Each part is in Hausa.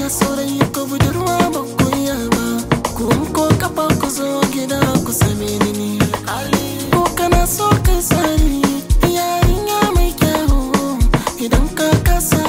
ya yi ko budurwa ba ku ba kun ko kafa ku zo gida ku same ni ni ko kana so ka sani yarinya mai kyau idan ka kasa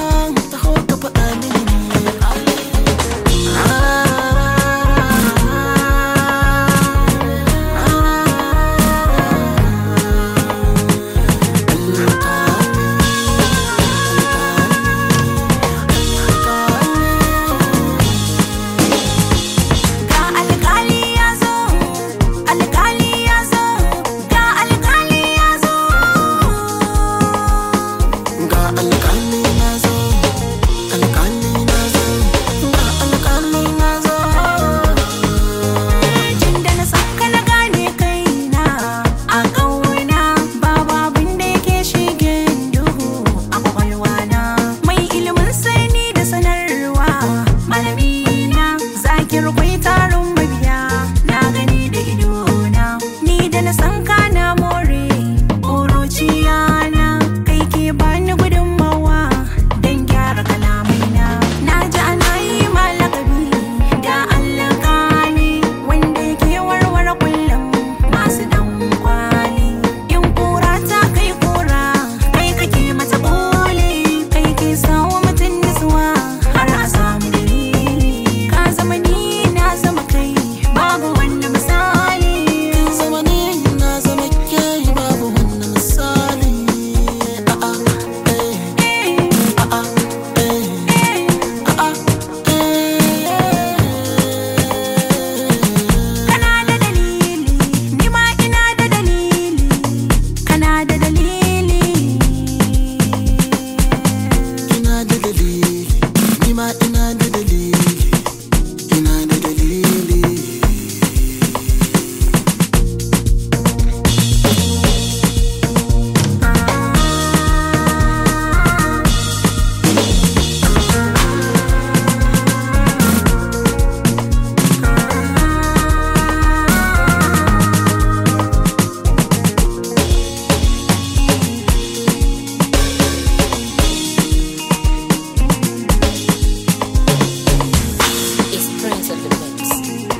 Vibes.